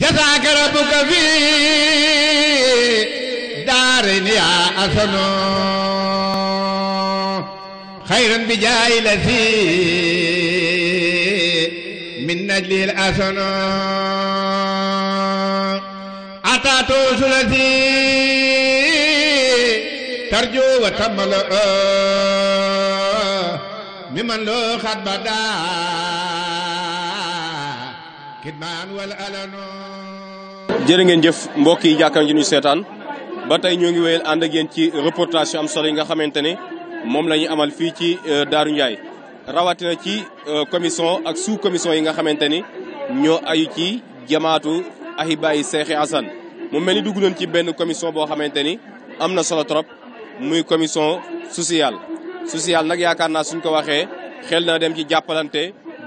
جزاك ربك في دار يا أسن خيرا بجاه الذي من نجل الأسن أتاتو توس ترجو وتملأ ممن لو خد بدأ jërë ngeen jëf mbokk yi jàkkaarloo ji seetaan ba tey ñoo ngi wéyal ànd ak yéen ci reportage yu am solo yi nga xamante ne moom la ñuy amal fii ci euh, Daaru Ndiaye rawatina ci euh, commission ak sous commission yi nga xamante ni ñoo ayu ci jamaatu ahibaayi Seexi Asan mu mel ni dugg nañ ci benn commission boo xamante ni am na solo trop muy commission sociale sociale nag yaakaar naa suñ ko waxee xel naa dem ci jàppalante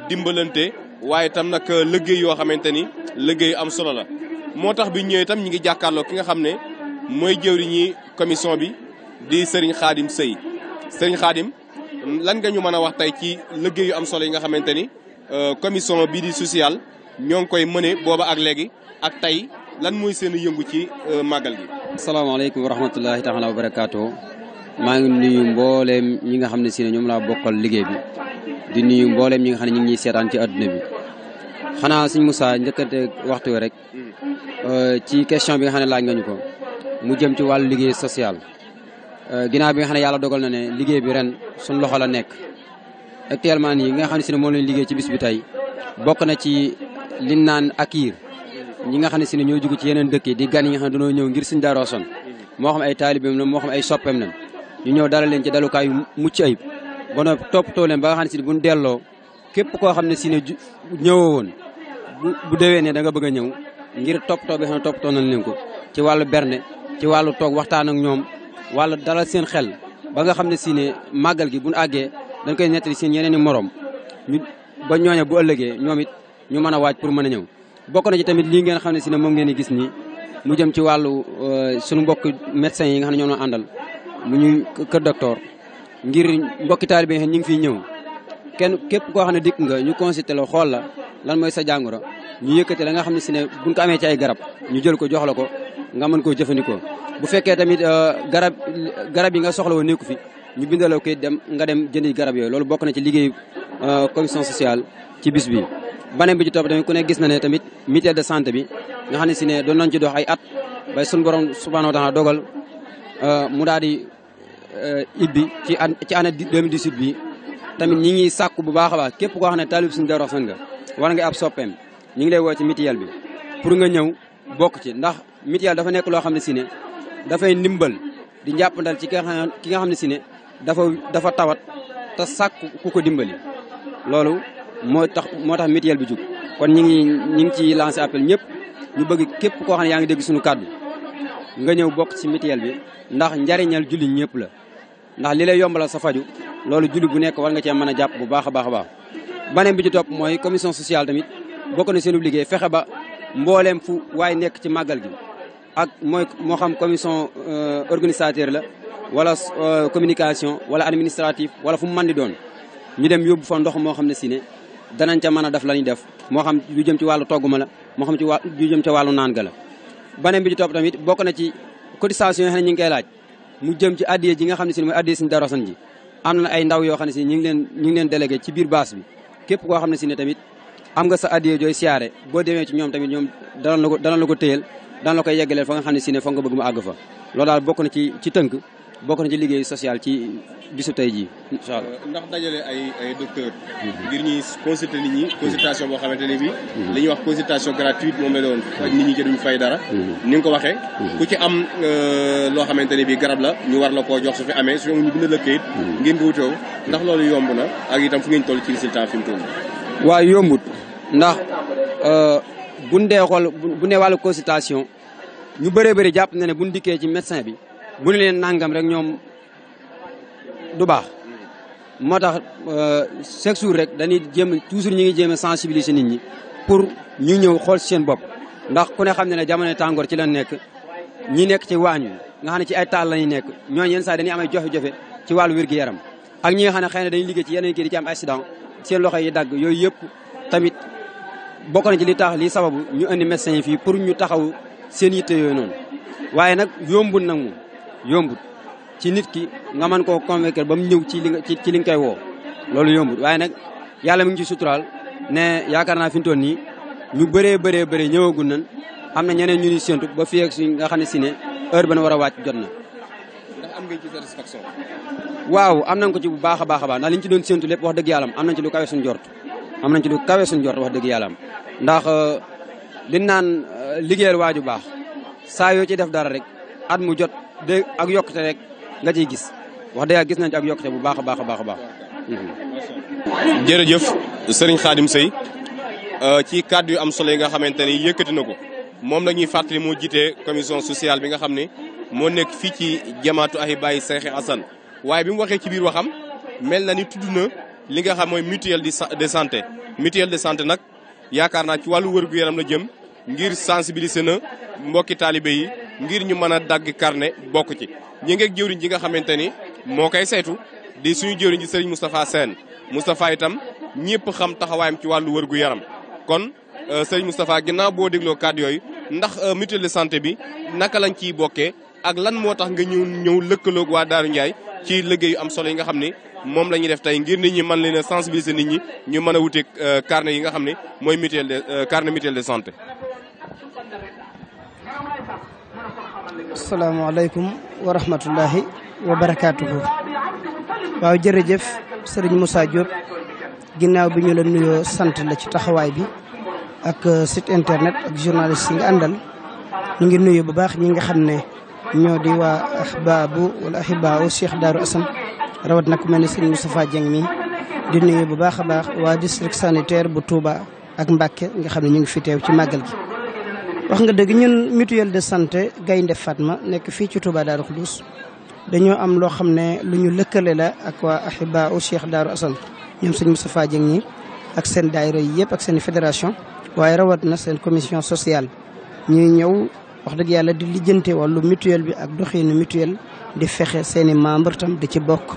dimbalante waaye itam nag euh, liggéey yoo xamante ni liggéey am solo la moo tax bi ñëwee tam ñi ngi jàkkaarloo ki nga xam ne mooy jëwriñi commission bi di Serigne Khadim sëy Serigne Khadim lan nga ñu mën a wax tey ci liggéey yu am solo yi nga xamante ni euh, commission bii di sociale ñoo ngi koy mëne booba ak léegi ak tey lan mooy seen yëngu ci euh, màggal gi. asalaamaaleykum wa rahmatullahi taala wa barakaatu maa ngi nuyu mbooleem ñi nga xam ne si ñoom laa bokkal liggéey bi. di nuyu mbooleem ñi nga xam ne ñu ngi ñuy seetaan ci adduna bi xanaa suñ Moussa njëkkante waxtu rek euh, ci question bi nga xam ne laaj nga ko mu jëm ci wàllu liggéey social euh, ginnaaw bi nga xam ne yàlla dogal na ne liggéey bi ren suñ loxo la nekk actuellement nii nga xam ne si ne moom lañ liggéey ci bis bi tey bokk na ci liñ naan akiir ñi nga xam ne si ne ñoo jóg ci yeneen dëkk yi di gan yi nga xam ne dañoo ñëw ngir suñ daaroo son moo xam ay taalibeem na moo xam ay soppeem ñëw dala leen ci dalukaay yu mucc ayib ba noppi toppatoo leen ba nga xam ne bu buñ delloo képp koo xam ne si ne ñëwoo woon bu déwee ne da nga bëgg a ñëw ngir toppatoo bi xam ne toppatoo nañ leen ko ci wàllu bernde ci wàllu toog waxtaan ak ñoom wàllu dara seen xel ba nga xam ne si ne màggal gi bu buñ àggee danga koy nettali seen yeneen i morom ba ñooña bu ëllëgee ñoom it ñu mën a waaj pour mën a ñëw bokk na ci tamit lii ngeen xam ne si ne moom ngeen di gis nii mu jëm ci wàllu euh, suñu mbokk médecins yi nga xam ne ñoom àndal mu ñuy kër docteur ngir mbokki taalibe yi ñu ngi fiy ñëw kenn képp koo xam ne dikk nga ñu consulté la xool la lan mooy sa jàngoro ñu yëkkate la nga xam ne si ne buñ amee ci ay garab ñu jël ko jox la ko nga mën koo jëfandikoo. bu fekkee tamit euh, garab garab yi nga soxla woon nekku fi ñu bindaloo ko dem nga dem jëndi garab yooyu loolu bokk na ci liggéey euh, commission sociale ci bis bi. beneen bi ci topp tamit ku ne gis na ne tamit mutuelle de santé bi nga xam ne si ne doon nañ ci dox ay at bay sunu borom subhaanahu dogal euh, mu daal di Euh, ibbi ci an ci année 2018 bi tamit ñi ngi sàkku bu baax a baax képp koo xam ne taalib suñu Daaru Xasan nga war nga ab soppeem ñi ngi lay woo ci mutuelle bi pour nga ñëw bokk ci ndax mutuelle dafa nekk loo xam ne si ne dafay ndimbal di njàppandal ci ki nga xam ne si ne dafa dafa tawat te sàkku ku ko dimbali loolu moo tax moo tax mutuelle bi jug kon ñi ngi ñi ngi ci lancé appel ñëpp ñu bëgg képp koo xam ne yaa ngi dégg suñu bi nga ñëw bokk ci mutuelle bi ndax njariñal julli ñëpp la ndax li lay yombalal sa faju loolu julli bu nekk war nga cee mën a jàpp bu baax a baax a baax beneen bi ci topp mooy commission sociale tamit bokk na seen liggéey fexe ba mbooleem fu waaye nekk ci màggal gi ak mooy moo xam commission euh, organisateur la wala euh, communication wala administratif wala fu mu mën di doon ñu dem yóbbu fa ndox moo xam ne si ne danañ ca mën a def la ñuy def moo xam lu jëm ci wàllu togg moo xam ci wàll lu jëm ca wàllu naan la beneen bi ci topp tamit bokk na ci cotisation yoo xam ne ñu ngi koy laaj mu jëm ci addiye ji nga xam ne si mooy addiye suñu Darou Assane ji am na ay ndaw yoo xam ne si ñu ngi leen ñu ngi leen délégué ci biir baas bi képp koo xam ne si ne tamit am nga sa addiye jooy siyaare boo demee ci ñoom tamit ñoom dana la ko dana la ko téyel danañ la koy yeggaleel fa nga xam ne si ne fa nga bëgg mu àgg fa loolu bokk na ci ci tënk bokk na ci liggéey sociale ci bisu tey jii incha allah. Euh, ndax dajale ay ay docteurs. ngir ñuy consulter nit ñi. consultation boo xamante ne bii. li wax consultation gratuite moom la doon. ak nit ñi ci duñ fay dara. ni nga ko waxee. ku ci am euh, loo xamante ne bii garab la ñu war la koo jox su fi amee su ñu bind la këyit. ngeen ko wutoo ndax loolu yomb na ak itam fu ngeen toll ci résultat fi mu toll. waaye yombut ndax euh, buñ dee xool bu ne wàllu consultation ñu bëree bëri jàpp na ne buñ dikkee ci médecin bi. bu ñu leen nangam rek ñoom du baax moo tax euh, chaque jour rek dañuy jéem toujours ñu ngi jéem a sensibiliser nit ñi pour ñu ñëw xool seen bopp ndax ku ne xam ne ne jamono tàngoor ci la nekk ñi nekk ci waañ wi nga xam ne ci ay taal lañuy nekk ñooñu yenn saa dañuy am ay jofe-jofe ci wàllu wér yaram ak ñi nga xam ne xëy na dañuy liggéey ci yeneen kii di ci am seen loxo yi dagg yooyu yëpp tamit bokk ci li tax li sababu ñu indi médecin yi fii pour ñu taxaw seen yitte yooyu waaye nag yombul nag yombut ci nit ki nga mën koo convaincre ba mu ñëw ci li nga ci li nga koy woo loolu yombut waaye nag yàlla mu ngi ci suturaal ne yaakaar naa fi mu toll nii ñu bëree bëree bëree ñëwagul nañ am na ñeneen ñu ni séntu ba fii ak suñ nga xam ne si ne heure ba na war a wàcc jot na. am ngeen ci satisfaction. waaw am nañ ko ci bu baax a baax a baax ndax liñ ci doon séntu lépp wax dëgg yàlla am na ci lu kawe suñu jort am nañ ci lu kawe suñu jort wax dëgg yàlla ndax euh, li naan euh, liggéeyal waaju baax saa yoo ci def dara rek at mu jot de ak yokkute rek nga ciy gis wax dëgg gis nañ ci ak yokkute bu baax a baax a baax a baax. Hmm. jërëjëf sëriñ Khadim Seye euh, ci kàddu yu am solo yi nga xamante ni yëkkati na ko moom la fàttali moo jiite commission sociale bi nga xam ne moo nekk fii ci ay Ahibahi Cheikh Assane waaye bi mu waxee ci biir waxam mel na ni tudd na li nga xam mooy mutuelle de santé mutuelle de santé nag yaakaar naa ci wàllu wërgu yaram la jëm. ngir sensibiliser na mbokki taalibe yi ngir ñu mën a dagg carnet bokk ci ñi ngeeg jëwriñ ji nga xamante ni moo koy saytu di suñu jëwriñ ji Serigne Moustapha Sène Moustapha itam ñëpp xam taxawaayam ci wàllu wërgu yaram kon euh, Serigne Moustapha ginnaaw boo dégloo kàddu yooyu ndax euh, mutuelle de santé bi naka lañ ciy bokkee ak lan moo tax nga ñëw ñëw lëkkaloog waa Daaru Ndiaye ci liggéey am solo yi nga xam ni moom la ñuy def tey ngir nit ñi mën leen a nit ñi ñu mën a wuteeg euh, carnet yi nga xam ne mooy mutuelle de carnet mutuelle de santé asalaamaaleykum wa rahmatullahi wa barakaatuhu. waaw jërëjëf sëriñ Moussa Diop ginnaaw bi ñu la nuyoo sant la ci taxawaay bi ak euh, sit internet ak journaliste yi nga àndal ñu ngi nuyoo bu baax ñi nga xam ne ñoo di waa ahbaabu wala ahibaawu Cheikh Darou Assane rawat na ku mel ne sëriñ Moustapha Dieng mi di nuyu bu baax a baax waa district sanitaire bu Touba ak Mbacke nga xam ne ñu ngi fi teew ci màggal bi wax nga dëgg ñun mutuelle de santé Gaynde Fatma nekk fii ci Touba Darou Khoudoss dañoo am loo xam ne lu ñu lëkkale la ak waa Ahiba u Cheikh Darou Assane ñoom sëñ Moustapha Dieng ñi ak seen daayira yi yëpp ak seen fédération waaye rawat na seen commission sociale ñu ñëw wax dëgg yàlla di lijjante wàllu mutuelle bi ak doxiinu mutuelle di fexe seen i membre tam di ci bokk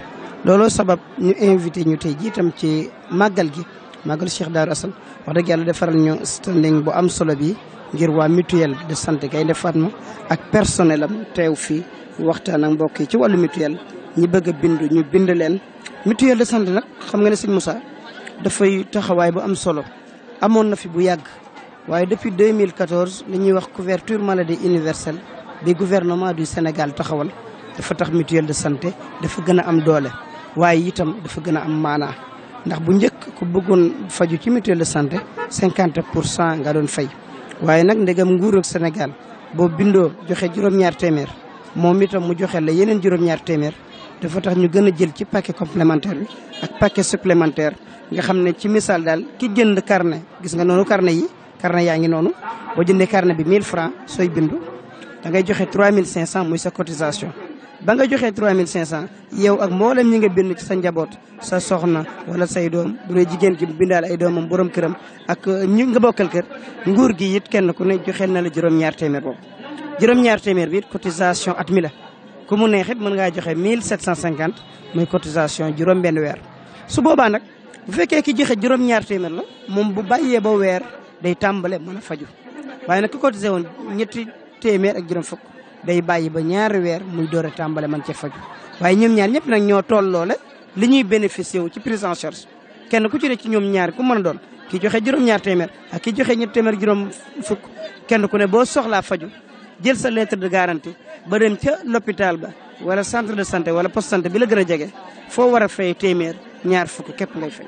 looloo sabab ñu invité ñu tey jii ci màggal gi màggal Cheikh Darou Assane wax dëgg yàlla defaral ñu standing bu am solo bi ngir waa mutuelle de santé Gaïndé Fatma ak personnel am teew fii waxtaan ak mbokk yi ci wàllu mutuelle ñi bëgg a bind ñu bind leen. mutuel de santé nag xam nga ne sëñ Moussa dafay taxawaay bu am solo amoon na fi bu yàgg waaye depuis deux mille 2014 li ñuy wax couverture maladie universelle bi gouvernement du Sénégal taxawal dafa tax mutuel de santé dafa gën a am doole waaye itam dafa gën a am maanaa. ndax bu njëkk ku bëggoon faju ci mutuelle de santé cinquante pour cent nga doon fay waaye nag ndegam nguur ak Sénégal boo bindoo joxe juróom-ñaar téeméer moom itam mu joxe la yeneen juróom-ñaar téeméer dafa tax ñu gën a jël ci paquet complémentaire bi ak paquet supplémentaire nga xam ne ci misaal daal ki jënd carnet gis nga noonu carnet yi carnet yaa ngi noonu boo jëndee carnet bi mille francs sooy bindu da ngay joxe cent muy sa cotisation ba nga joxee 3500 yow ak mboolem ñi nga bind ci sa njaboot sa soxna wala say doom bu dee jigéen gi bindaal ay doom moom borom këram ak ñi nga bokkal kër nguur gi it kenn ku ne joxeel na la juróom-ñaar téeméer boobu. juróom-ñaar téeméer bi it cotisation at mi ku mu neex it mën ngaa joxe 1750 muy cotisation juróom-benn weer su boobaa nag bu fekkee ki joxe juróom-ñaar téeméer la moom bu bàyyee ba weer day tàmbale mën a faju waaye nag ku cotisé téeméer ak juróom fukk. day bàyyi ba ñaari weer muy door a tàmbale man ca faju waaye ñoom ñaar ñëpp nag ñoo tolloo la li ñuy bénéficié wu ci prise en charge kenn ku ci ne ci ñoom ñaar ku mën a doon ki joxe juróom-ñaar téeméer ak ki joxe ñetti téeméer juróom fukk kenn ku ne boo soxlaa faju jël sa lettre de garantie ba dem ca l'hôpital ba wala centre de santé wala poste santé bi la gën a jege foo war a fay téeméer ñaar fukk képp ngay fay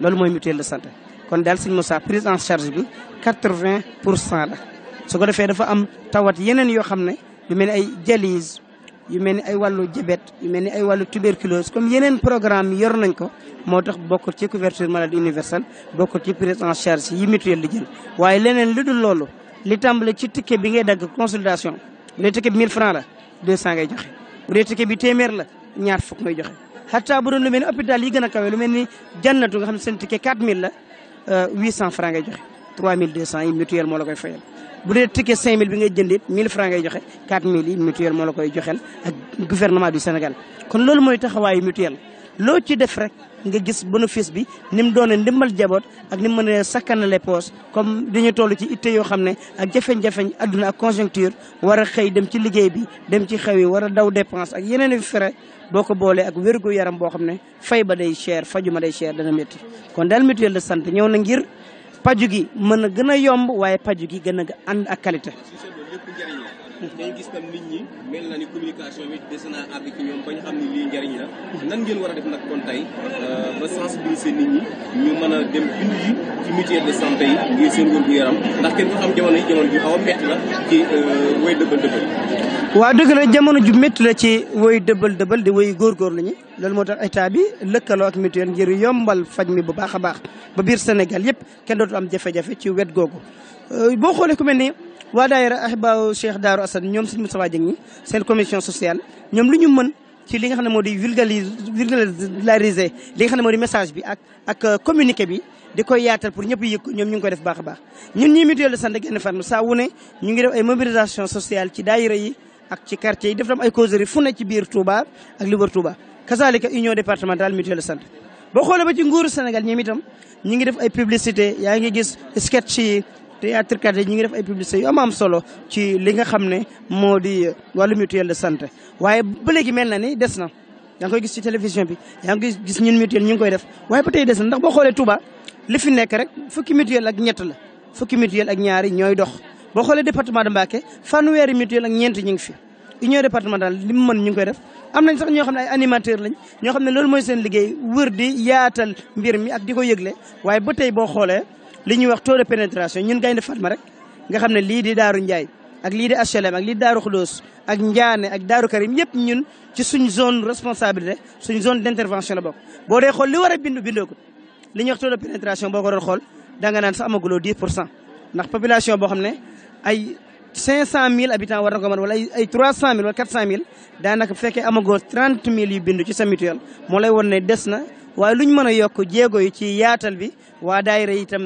loolu mooy mutuelle de santé kon daal Serigne Moussa prise en charge pour cent la ko defee dafa am tawat yeneen yoo xam ne yu mel ni ay dialyse yu mel ni ay walu diabète yu mel ni ay wàllu tuberculose comme yeneen programme yor nañ ko moo tax bokkul ci couverture maladie universelle bokkul ci prise en charge yi di jël waaye leneen lu dul li tàmbale ci ticket bi ngay dagg consultation bu dee ticket bi 1000 francs la 200 ngay joxe bu dee ticket bi téeméer la ñaar fukk ngay joxe xataa bu doon lu mel ni hôpital yi gën a lu mel jannatu nga xam ne ticket 4000 la 800 euh, francs ngay joxe 3200 yi mutuelle la koy fayal bu dee ticket 5000 bi ngay jëndit 1000 francs ngay joxe 4000 yi mutuelle moo la koy joxel ak gouvernement du Sénégal kon loolu mooy taxawaayu mutuelle loo ci def rek nga gis bénéfice bi ni mu doone ndimbal jaboot ak ni mu mën a sakkanale poos comme dañu toll ci itte yoo xam ne ak jafeñ-jafeñ adduna ak conjoncture war a xëy dem ci liggéey bi dem ci xew yi war a daw dépense ak yeneen i frais boo ko boolee ak wérgu yaram boo xam ne fay ba day cher faju ma day cher dana métti kon daal ñëw na ngir paju gi mën a gën a yomb waaye paju gi gën a ànd ak qualité. dañu gis tam nit ñi mel na ni communication bi war a def euh, de santé yi ngir seen wér gu yaram ndax kenn ku xam jamono yi ju xaw a la ci euh, dëgg la jamono ju metti la ci woy dëbal dëbal di woy góorgóorlu ñi loolu moo tax état bi lëkkaloo ak mutuelle ngir yombal faj mi bu baax a baax ba biir Sénégal yëpp kenn dootu am jafe-jafe ci wet googu euh, boo xoolee ku mel ni waa daayira ahibaaw Cheikh Daaru Assane ñoom suñu Moustapha Dieng ñi seen commission sociale ñoom lu ñu mën ci li nga xam ne moo di vulgariser vulgariser li nga xam ne moo di message bi ak ak euh, communiqué bi di koy yaatal pour ñëpp yëg ko ñoom ñu ngi koy def baax a baax ñun ñii mutuelle de santé genn fànn saa wu ne ngi def ay mobilisation sociale ci daayira yi ak ci quartier yi def tam ay causerie fu ci biir Touba ak li wër Touba kazalika union départementale mutuelle boo xoolee ba ci nguuru Sénégal ñoom itam ñi ngi def ay publicité yaa ngi gis sketch yi théâtre kat yi ñi ngi def ay publicité yu am am solo ci li nga xam ne moo di wàllu mutuel de santé waaye ba léegi mel na ni des na yaa ngi koy gis ci télévision bi yaa ngi gis ñun mutuel ñu ngi koy def waaye ba tey des na ndax boo xoolee tuba li fi nekk rek fukki mutuel ak ñett la fukki mutuel ak ñaari ñooy dox boo xoolee département de Mbacké fanweeri mutuelle ak ñeent ñu ngi fi union départementale li man mën ñu ngi koy def am nañ sax ñoo xam ne animateur lañ ñoo xam ne loolu moy seen liggéey wër di yaatal mbir mi ak di ko yëgle waaye ba tey boo xoolee li ñuy wax taux de pénétration ñun Gaynde Fatma rek nga xam ne lii di Daaru Ndiaye ak lii di HLM ak lii di Daaru Xudoos ak Ndiaane ak Daaru Karim yëpp ñun ci suñ zone responsabilité suñ zone d'intervention la book boo de xool li war a bindu bindoo ko li ñuy wax taux de pénétration boo ko xool da naan sax amaguloo 10 pour ndax population boo xam ne ay cinq cent mille habitants war na ko mën wala ay trois cent mille wala quatre cent mille daanaka bu fekkee amagoo trente mille yu bindu ci sa moo lay won ne des na waaye lu ñu mën a yokk jéego yi ci yaatal bi waa daayira itam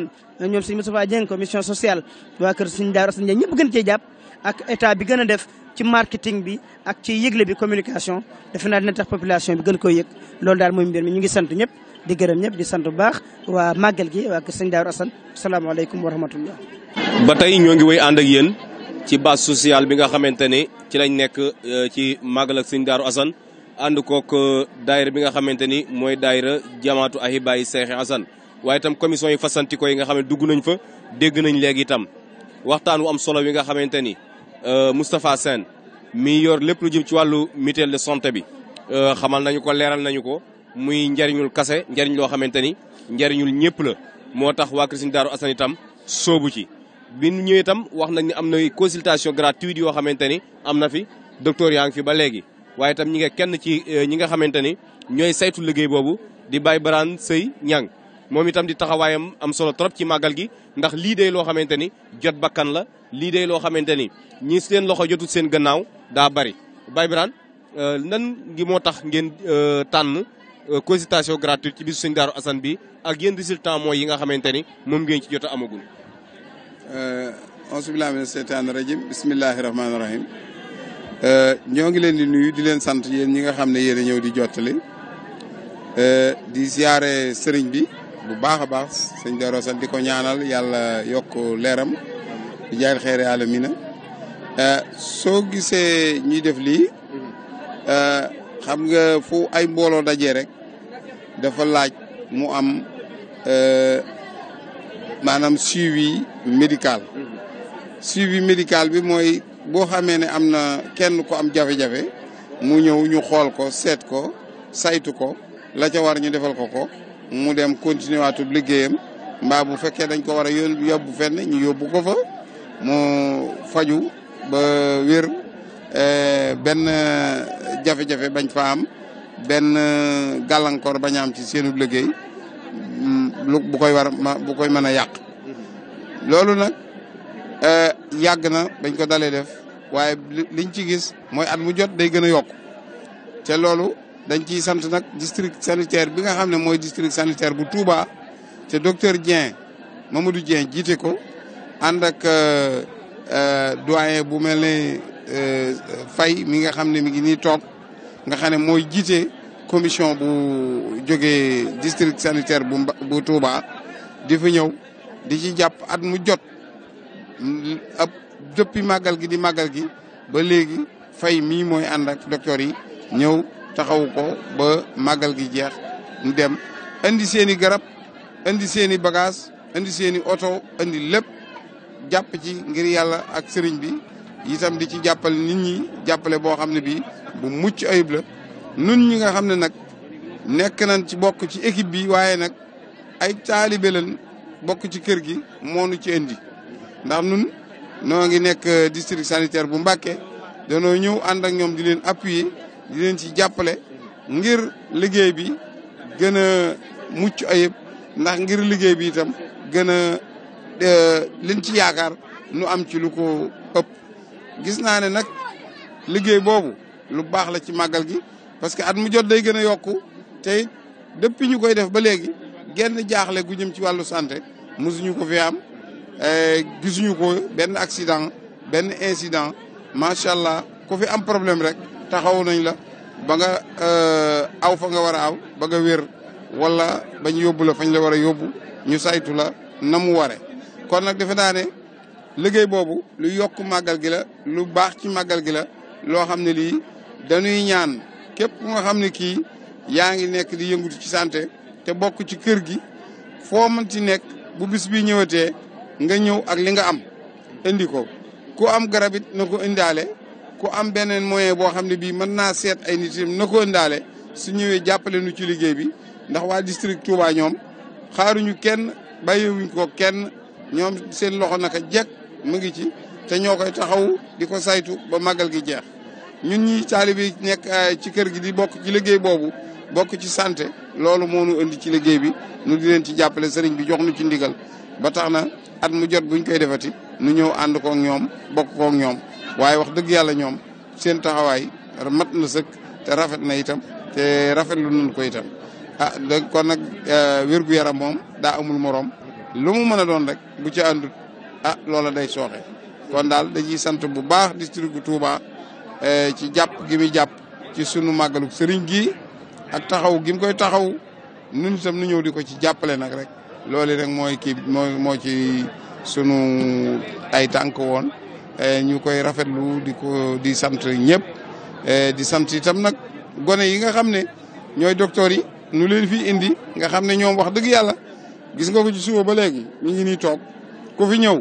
ñoom suñ Moustapha Dieng commission sociale waa kër suñ daara suñ ñëpp gën cee jàpp ak état bi gën a def ci marketing bi ak ci yëgle bi communication defe naa dina tax population bi gën koy yëg loolu daal mooy mbir mi ñu ngi sant ñëpp di gërëm ñëpp di sant bu baax waa màggal gi waa kër suñ daaru asan asalaamaaleykum wa ba tey ñoo ngi wéy ànd ak yéen ci base sociale bi nga xamante ni ci lañ nekk euh, ci màggal ak sëñ Daaru Asan ànd kook euh, daayira bi nga xamante ni mooy daayira jamaatu ahibaayi seexi Asan waaye itam commission yi fasantikoo yi nga xam ne dugg nañ fa dégg nañ léegi itam waxtaan wu am solo wi nga xamante ni euh, Moustapha Sène mi yor lépp lu jëm ci wàllu mutuelle de santé bi xamal nañu ko leeral nañu ko muy njariñul kase njariñ loo xamante ni njariñul ñëpp la moo tax waa kër sëñ Daaru Asan itam soobu ci bi ñu ñëwee itam wax nañ ni am na consultation gratuite yoo xamante ni am na fi doctor yaa ngi fi ba léegi waaye itam ñi nga kenn ci euh, ñi nga xamante ni ñooy saytu liggéey boobu di Baye Baraan Sëy Ñang moom itam di taxawaayam am solo trop ci màggal gi ndax lii day loo xamante ni jot bakkan la lii day loo xamante ni ñi seen loxo jotu seen gannaaw daa bari Baye Baraan euh, nan ngi moo tax ngeen euh, tànn consultation gratuite ci bisu Sëñ Daaru Asan bi ak yéen résultat mooy yi nga xamante ni moom ngeen ci jot amagul auzu billaahi mina seytaani rajim bismillaahi rahmaani ñoo ngi leen di nuyu di leen sant yéen ñi nga xam ne yéen a ñëw di jottali di siyaare sëriñ bi bu baax a baax sëñ Darou Assane di ko ñaanal yàlla yokk leeram di jaay xeere yàlla soo gisee ñuy def lii xam nga fu ay mbooloo dajee rek dafa laaj mu am maanaam suivi médical. suivi médical bi mooy boo xamee ne am na kenn ku am jafe-jafe mu ñëw ñu xool ko seet ko saytu ko la ca war ñu defal ko ko mu dem continuer waatub liggéeyam mbaa bu fekkee dañ ko war a yobbu fenn ñu yóbbu ko fa mu faju ba wér eh, benn jafe-jafe bañ fa am benn gàllankoor bañ am ci seenu liggéey lu bu koy war ma bu koy mën a yàq loolu nag eh, yàgg na bañ ko dalee def waaye liñ ci gis mooy at mu jot day gën a yokk te loolu dañ ciy sant nag district sanitaire bi nga xam ne mooy district sanitaire bu Touba te docteur Dieng Mamadou Dieng jiite ko ànd ak eh, eh, doyen bu mel ne Faye mi nga xam ne mi ngi nii toog nga xam ne mooy jiite commission bu jógee district sanitaire bu bu Touba di fi ñew di ci japp at mu jot ab depuis magal gi di magal gi ba léegi fay mi moy and ak docteur yi ñew taxaw ko ba magal gi jeex mu dem andi seeni garab andi seeni bagage andi seeni auto andi lepp japp ci ngir yalla ak serigne bi itam di ci jappal nit ñi jàppale bo xam bi bu mucc ayib la nun ñi nga xam ne nag nekk nañ ci bokk ci équipe bi waaye nag ay taalibe bokk ci kër gi moonu ci indi ndax nun noo ngi nekk district sanitaire bu Mbàkke danoo ñëw ànd ak ñoom di leen appuyer di leen ci jàppale ngir liggéey bi gën a mucc ayib ndax ngir liggéey bi tam gën a liñ ci yaakaar nu am ci lu ko ëpp gis naa ne nag liggéey boobu lu baax la ci màggal gi parce que at mu jot day gën a yokku te depuis ñu koy def ba léegi genn jaaxle gu jëm ci wàllu santé mosuñu ko fi am eh, gisuñu ko benn accident benn incident macha allah ku fi am problème rek taxaw nañ la ba nga eh, aw fa nga war a aw ba nga wér wala bañ yóbbu la fañ la war a yóbbu ñu saytu la na mu ware kon nag defe naa ne liggéey boobu lu yokk màggal gi la lu baax ci màggal gi la loo xam ne lii dañuy ñaan képp ku nga xam ne kii yaa ngi nekk di yëngutu ci santé te bokk ci kër gi foo mën ci nekk bu bis bi ñëwatee nga ñëw ak li nga am indi ko ku am garab it na ko indaale ku am beneen moyen boo xam ne bii mën naa seet ay nit yi na ko indaale si ñëwee jàppale nu ci liggéey bi ndax waa district Touba ñoom xaaruñu kenn bàyyiwuñ ko kenn ñoom seen loxo naka jekk mu ngi ci te ñoo koy taxaw di ko saytu ba màggal gi jeex ñun ñi taalibe yi nekk euh, ci kër gi di bokk ci liggéey boobu bokk ci santé loolu moo nu indi ci liggéey bi nu di leen ci jàppale sëriñ bi jox nu ci ndigal ba tax na at mu jot buñ koy defati nu ñëw ànd kook ñoom bokk kook ñoom waaye wax dëgg yàlla ñoom seen taxawaay mat na sëkk te rafet na itam te rafetlu nañ koy itam ah dëgg kon nag euh, wérgu yaram moom daa amul moroom lu mu mën doon rek bu ci àndut ah loola day sooxe kon daal dañuy sant bu baax district bu Touba Eh, ci jàpp gi jàpp ci sunu màggalu sëriñ gi ak taxaw gim koy taxaw nun itam nu ñëw di ko ci jàppale nag rek loolu rek mooy kii mooy moo ci sunu ay tànk woon eh, ñu koy rafetlu di ko di sant ñëpp eh, di sant itam nag gone yi nga xam ne ñooy docteur yi nu leen fi indi nga xam ne ñoom wax dëgg yàlla gis nga ko ci suba ba léegi ñu ngi nii toog ku fi ñëw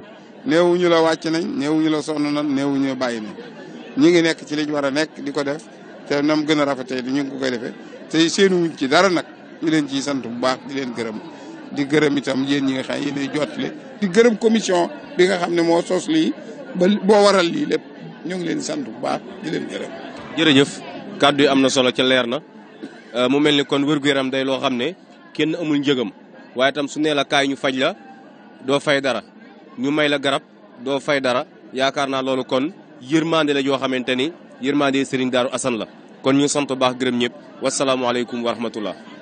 ñu la wàcc nañ ñu la sonn nañ néewuñu la bàyyi nañ ñi ngi nekk ci liñ war a nekk di ko def te nam gën a rafetee di ñu ngi ko koy defee te seenu wuñ ci dara nag ñu leen ciy sant bu baax di leen gërëm di gërëm itam yéen ñi nga xam yéenay jottali di gërëm commission bi nga xam ne moo sos lii ba boo waral lii lépp ñu ngi leen sant bu baax di leen gërëm. jërëjëf kàddu yi am na solo ca leer na euh, mu mel ni kon wér-gu-yaram day loo xam ne kenn amul njëgam waaye itam su nee la ñu faj la doo fay dara ñu may la garab doo fay dara yaakaar naa loolu kon. yërmande la yoo xamante ni yërmande Serigne Darou Assane la kon ñu sant baax gërëm ñëpp wasalaamualeykum wa rahmatullah